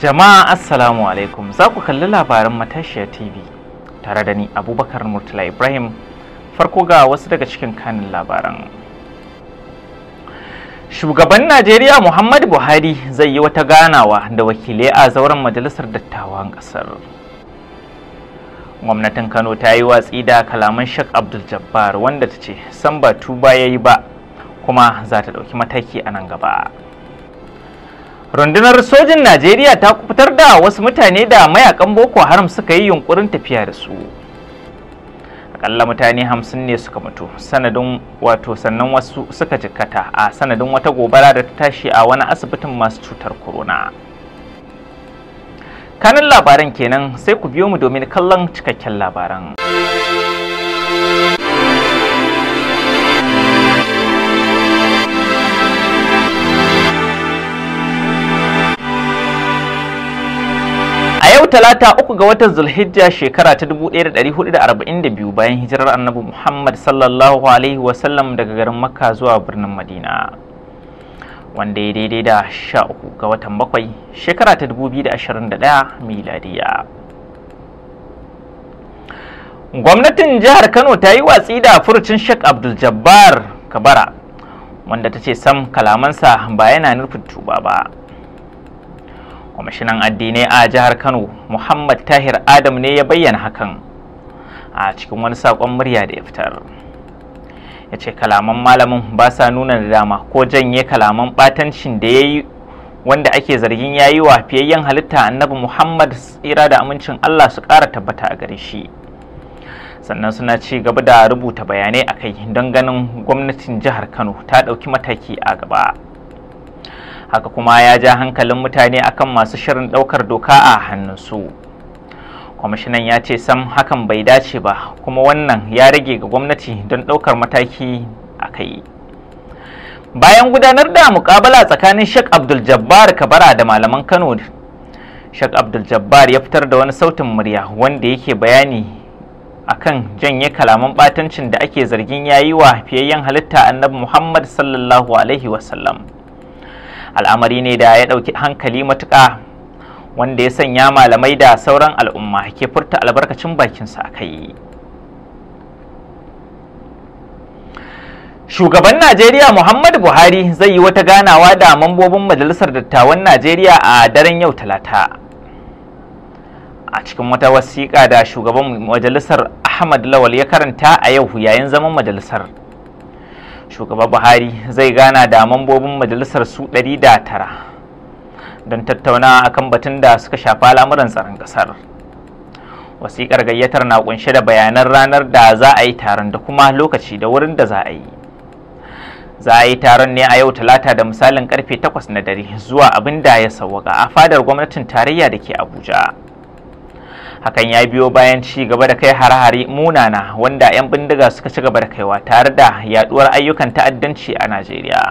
Jama'a Assalamu alaikum za ku kalli labaran matashiya TV tare da ni Abubakar Murtala Ibrahim farko ga wasu daga cikin kanin labaran. Shugaban Najeriya Muhammadu Buhari zai yi wata ganawa da wakilai a zauren majalisar dattawan ƙasar. Gwamnatin Kano ta yi watsi da kalaman Sheikh Abdul Jabbar wanda ta ce san ba tuba ya yi ba kuma za ta ɗauki mataki a nan gaba. rundunar sojin najeriya ta fitar da wasu mutane da mayakan boko haram suka yi yunkurin tafiya da su akalla mutane hamsin ne suka mutu sanadin wato sannan wasu suka jikkata a sanadin wata gobara da ta tashi a wani asibitin masu cutar corona kanin labaran kenan sai ku biyo mu domin kallon cikakken labaran talata uku ga watan zulhijja shekara ta 1442 bayan hijirar annabi muhammad sallallahu alaihi wasallam daga garin makka zuwa birnin madina wanda ya daidai da sha uku ga watan bakwai shekara ta 2021 miladiya gwamnatin jihar kano ta yi watsi da furucin Sheikh abdul jabbar kabara wanda ta ce sam kalamansa ba yana nufin tuba ba kwamishinan addinai a jihar kano muhammad tahir adam ne ya bayyana hakan a cikin wani saƙon murya da ya fitar ya ce kalaman malamin ba sa nuna da dama ko janye kalaman batancin da ya yi wanda ake zargin ya yi wa fiyayyen halitta annabi muhammad tsira da amincin allah su ƙara tabbata a gare shi sannan suna ci gaba da rubuta bayanai a kai don ganin gwamnatin jihar kano ta ɗauki mataki a gaba haka kuma ya ja hankalin mutane akan masu shirin ɗaukar doka a hannunsu kwamishinan ya ce sam hakan bai dace ba kuma wannan ya rage ga gwamnati don ɗaukar mataki a kai bayan gudanar da mukabala tsakanin shek abdul jabbar kabara da malaman kano shek abdul jabbar ya fitar da wani sautin murya wanda yake bayani akan janye kalaman batancin da ake zargin yayi wa fiyayyen halitta annabi Muhammad sallallahu alaihi wasallam al'amari ne da ya ɗauki hankali matuƙa wanda ya sanya malamai da sauran al'umma ke furta albarkacin bakinsa a kai shugaban najeriya muhammadu buhari zai yi wata ganawa da mambobin majalisar dattawan najeriya a daren yau talata a cikin wata wasiƙa da shugaban majalisar ahmad lawal ya karanta a yau yayin zaman majalisar shugaba buhari zai gana da mambobin majalisar su 109 don tattauna akan batun da suka shafa lamuran tsaron kasar wasiƙar gayyatar na kunshe da bayanan ranar da za a yi taron da kuma lokaci da wurin da za a yi za a yi taron ne a yau talata da misalin karfe 8 na dare zuwa abin da ya sauwaka a fadar gwamnatin tarayya da ke abuja hakan ya biyo bayan ci gaba da kai hare-hare munana wanda 'yan bindiga suka ci gaba da kaiwa tare da yaduwar ayyukan ta'addanci a najeriya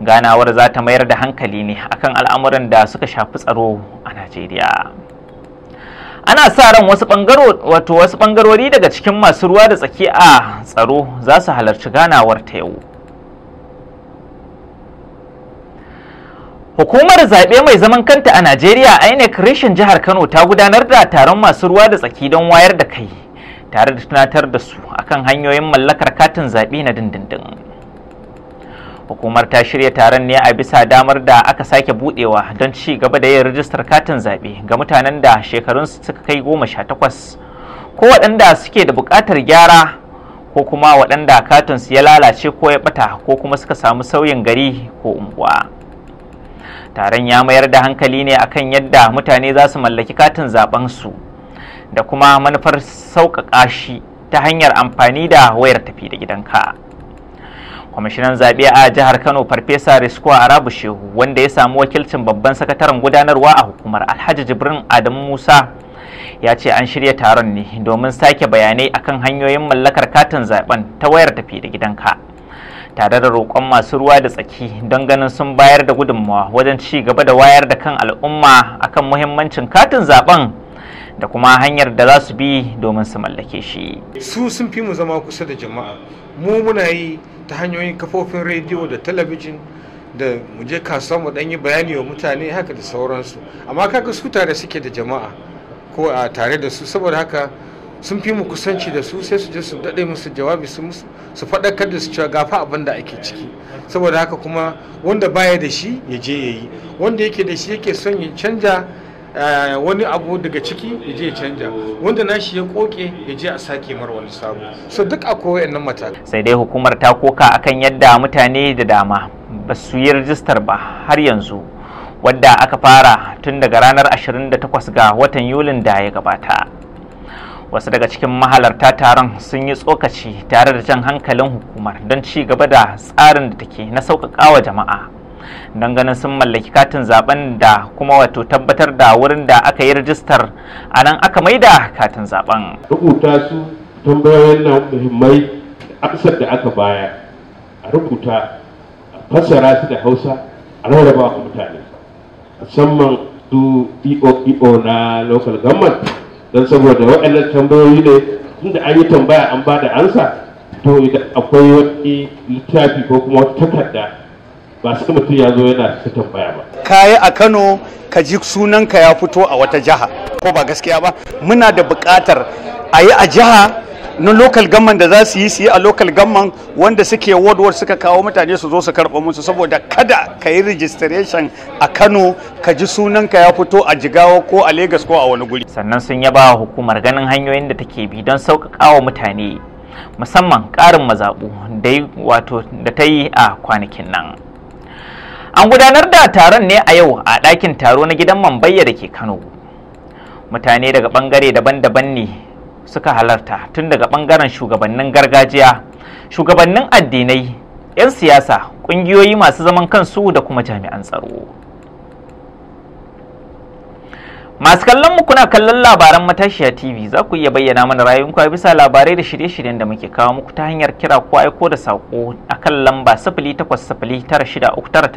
ganawar za ta mayar da hankali ne akan al'amuran da suka shafi tsaro a najeriya ana sa ran wasu wato wasu bangarori daga cikin masu ruwa da tsaki a tsaro za su halarci ganawar ta yau Hukumar zaɓe mai zaman kanta a Najeriya INEC reshen jihar Kano ta gudanar da taron masu ruwa da tsaki don wayar da kai tare da tunatar da su akan hanyoyin mallakar katin zaɓe na dindindin. Hukumar ta shirya taron ne a bisa damar da aka sake buɗewa don ci gaba da yin rijistar katin zaɓe ga mutanen da shekarunsu suka kai goma sha takwas ko waɗanda suke da buƙatar gyara ko kuma waɗanda katinsu ya lalace ko ya ɓata ko kuma suka samu sauyin gari ko unguwa. taron ya mayar da hankali ne akan yadda mutane za su mallaki katin zaben su da kuma manufar sauƙaƙa shi ta hanyar amfani da wayar tafi da gidanka kwamishinan zaɓe a jihar kano farfesa a arabu shehu wanda ya samu wakilcin babban sakataren gudanarwa a hukumar alhaji jibrin adamu musa ya ce an shirya taron ne domin sake bayanai akan hanyoyin mallakar katin zaben ta wayar tafi da gidanka tare da roƙon masu ruwa da tsaki don ganin sun bayar da gudunmawa wajen ci gaba da wayar da kan al'umma akan muhimmancin katin zaben da kuma hanyar da za su bi domin su mallake shi su sun fi mu zama kusa da jama'a mu muna yi ta hanyoyin kafofin rediyo da talabijin da mu je kasuwa mu dan yi bayani wa mutane haka da sauransu amma kaga su tare suke da jama'a ko a tare da su saboda haka sun fi mu kusanci da su sai su je su daɗe musu jawabi su faɗakar da su cewa gafa abin da ake ciki saboda haka kuma wanda baya da shi ya je ya yi wanda yake da shi yake son ya canja eh, wani abu daga ciki ya je ya canja wanda nashi ya koke ya je a sake mar wani sabo so duk akwai wayannan matakai sai dai hukumar ta koka akan yadda mutane da dama ba su yi rajistar ba har yanzu wadda aka fara tun daga ranar 28 ga watan yulin da ya gabata wasu daga cikin mahalarta taron sun yi tsokaci tare da jan hankalin hukumar don ci gaba da tsarin da take na sauƙaƙa wa jama'a don ganin sun mallaki katin zaben da kuma wato tabbatar da wurin da aka yi rajistar a nan aka maida katin zaben rubuta su tambayoyin nan muhimmai amsar da aka baya a rubuta a fassara su da hausa a rarraba wa mutane musamman su eo e na local government don saboda waɗannan tambayoyi ne inda an yi tambaya an ba da ansa to idan akwai wani littafi ko kuma wata takarda ba su mutum ya zo yana su tambaya ba kayi a kano ka ji sunanka ya fito a wata jiha ko ba gaskiya ba muna da buƙatar a yi a jiha na local gamman da za su yi su yi a local gamman wanda suke ward ward suka kawo mutane su zo su karɓo musu saboda kada ka yi registration a Kano ka ji sunanka ya fito a Jigawa ko a Lagos ko a wani guri sannan sun yaba hukumar ganin hanyoyin da take bi don sauƙaƙawa mutane musamman ƙarin mazaɓu da wato da ta yi a kwanakin nan an gudanar da taron ne a yau a ɗakin taro na gidan mambayya da ke Kano mutane daga ɓangare daban-daban ne suka halarta tun daga ɓangaren shugabannin gargajiya shugabannin addinai 'yan siyasa ƙungiyoyi masu zaman kansu da kuma jami'an tsaro masu kallon mu kuna kallon labaran matashiya tv za ku iya bayyana mana rayuwar bisa labarai da shirye-shiryen da muke kawo muku ta hanyar kira ko aiko da saƙo kan lamba sifili takwas sifili tara shida uku tara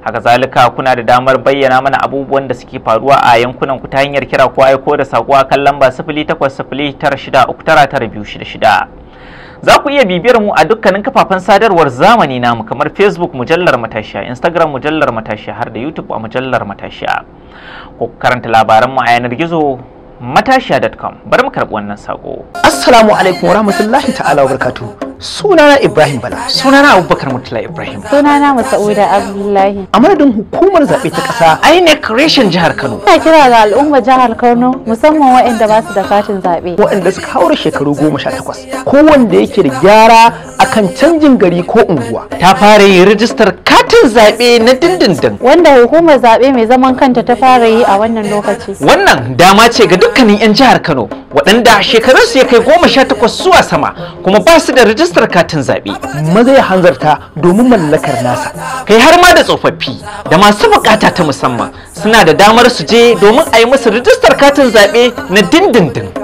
haka zalika kuna da damar bayyana mana abubuwan da suke faruwa a yankunan ku ta hanyar kira ko aiko da sako a kan lamba 0809639266 za ku iya bibiyar mu a dukkanin kafafen sadarwar zamani namu kamar facebook mujallar matashiya instagram mujallar matashiya har da youtube a mujallar matashiya ko karanta labaran mu a yanar gizo matashiya.com bari mu karɓi wannan sako assalamu alaikum warahmatullahi ta'ala wabarakatuh sunana ibrahim bala sunana abubakar mutula ibrahim sunana masauda abdullahi a madadin hukumar zaɓe ta ƙasa inec reshen jihar kano ina kira ga al'ummar jihar kano musamman waɗanda ba su da katin zaɓe waɗanda suka haura shekaru goma sha takwas Kowanne yake da gyara akan canjin gari ko unguwa ta fara yin rijistar katin zaɓe na dindindin wanda hukumar zaɓe mai zaman kanta ta fara yi a wannan lokaci wannan dama ce ga dukkanin 'yan jihar kano waɗanda shekarunsu ya kai goma sha takwas zuwa sama kuma ba su da rijistar katin zaɓe maza ya hanzarta domin mallakar nasa kai har ma da tsofaffi da masu bukata ta musamman suna da damar su je domin a yi musu rijistar katin zaɓe na dindindin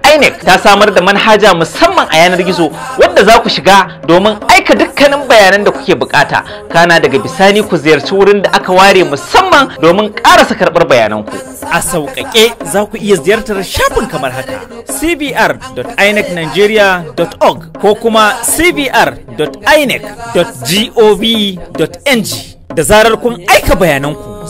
INEC ta samar da manhaja musamman a yanar gizo wadda za ku shiga domin aika dukkanin bayanan da kuke bukata kana daga bisani ku ziyarci wurin da aka ware musamman domin karasa karbar bayananku a sauƙaƙe za ku iya ziyartar shafin kamar haka cbr.inecnigeria.org ko kuma cbr.inec.gov.ng da zarar kun aika bayananku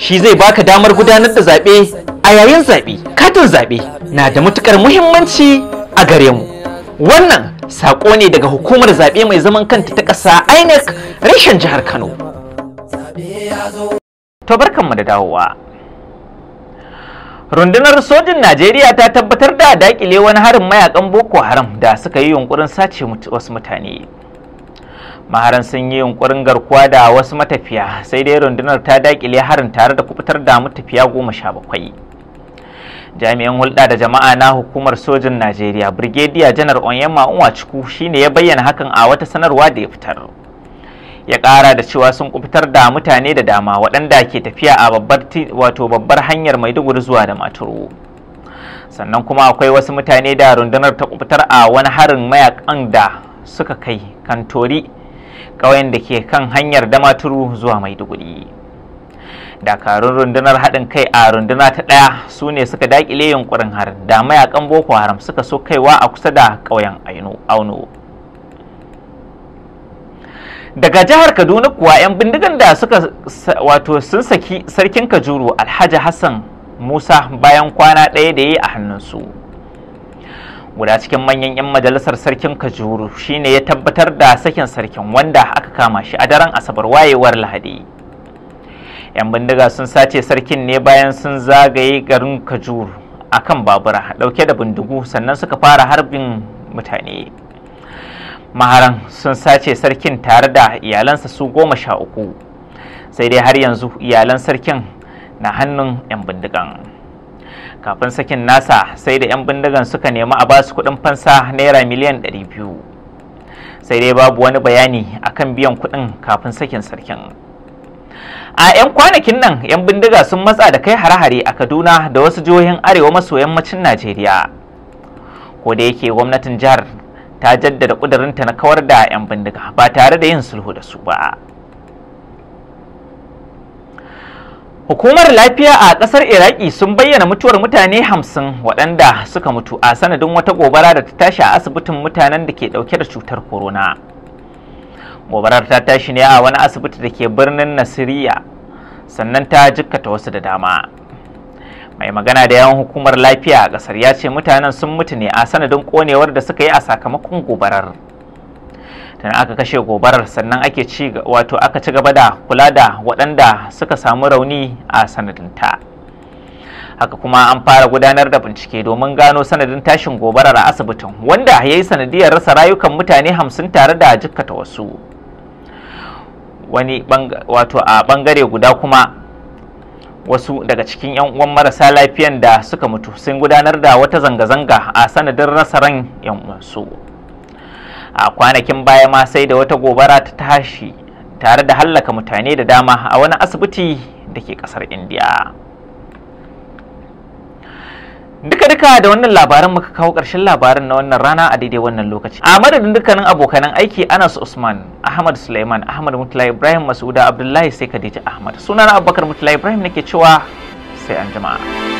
shi zai baka damar gudanar da zaɓe a yayin zaɓe katin zaɓe na da matukar muhimmanci a gare mu wannan saƙo ne daga hukumar zaɓe mai zaman kanta ta ƙasa inec reshen jihar kano to barkanmu da dawowa rundunar sojin najeriya ta tabbatar da dakile wani harin mayakan boko haram da suka yi yunkurin sace wasu mutane maharan sun yi yunkurin garkuwa da wasu matafiya sai dai rundunar ta dakile harin tare da kubutar da matafiya goma sha bakwai jami'an hulɗa da jama'a na hukumar sojin najeriya birgediya janar onyema unwachuku shine ya bayyana hakan a wata sanarwa da ya fitar ya ƙara da cewa sun kubutar da mutane da dama waɗanda ke tafiya a babbar wato babbar hanyar maiduguri zuwa da maturu sannan kuma akwai wasu mutane da rundunar ta kubutar a wani harin mayakan da suka kai kantori ƙauyen da ke kan hanyar damaturu zuwa maiduguri dakarun rundunar haɗin kai a runduna ta ɗaya su ne suka daƙile yunƙurin harin da mayakan boko haram suka so kaiwa a kusa da ƙauyen auno daga jihar kaduna kuwa 'yan bindigan da suka wato sun saki sarkin kajuru alhaji hassan musa bayan kwana ɗaya da ya yi a hannunsu guda cikin manyan 'yan majalisar sarkin kajuru shine ya tabbatar da sakin sarkin wanda aka kama shi a daren asabar wayewar lahadi 'yan bindiga sun sace sarkin ne bayan sun zagaye garin kajuru akan kan babura dauke da bindigu sannan suka fara harbin mutane maharan sun sace sarkin tare da iyalansa su goma sha uku sai dai har yanzu iyalan sarkin na hannun 'yan bindigan kafin sakin nasa sai da 'yan bindigan suka nemi a basu kuɗin fansa naira miliyan 200 sai dai babu wani bayani akan biyan kuɗin kafin sakin sarkin a 'yan kwanakin nan 'yan bindiga sun matsa da kai hare-hare a kaduna da wasu jihohin arewa maso yammacin najeriya ko da yake gwamnatin jihar ta jaddada ƙudurinta na kawar da 'yan bindiga ba tare da yin sulhu da su ba Hukumar lafiya a ƙasar Iraki sun bayyana mutuwar mutane hamsin waɗanda suka mutu a sanadin wata gobara da ta tashi a asibitin mutanen da ke ɗauke da cutar corona. Gobarar ta tashi ne a wani asibiti da ke birnin Nasiriya sannan ta jikkata wasu da dama. Mai magana da yawan hukumar lafiya a ƙasar ya ce mutanen sun mutu ne a sanadin konewar da suka yi a sakamakon gobarar. tana aka kashe gobarar sannan ake ci wato aka ci gaba da kula da waɗanda suka samu rauni a sanadinta haka kuma an fara gudanar da bincike domin gano sanadin tashin gobarar a asibitin wanda ya yi sanadiyar rasa rayukan mutane hamsin tare da jikkata wasu wani wato a bangare guda kuma wasu daga cikin 'yan uwan marasa lafiyan da suka mutu sun gudanar da wata zanga-zanga a sanadin rasa ran 'yan uwansu. a kwanakin baya ma sai da wata gobara ta tashi tare da hallaka mutane da dama a wani asibiti da ke kasar indiya duka-duka da wannan labaran muka kawo ƙarshen labarin na wannan rana a daidai wannan lokaci a madadin dukkanin abokanan aiki anas usman ahmad suleiman ahmad mutula ibrahim masuda abdullahi sai Kadija ahmad sunana abubakar mutula ibrahim nake cewa sai an jama'a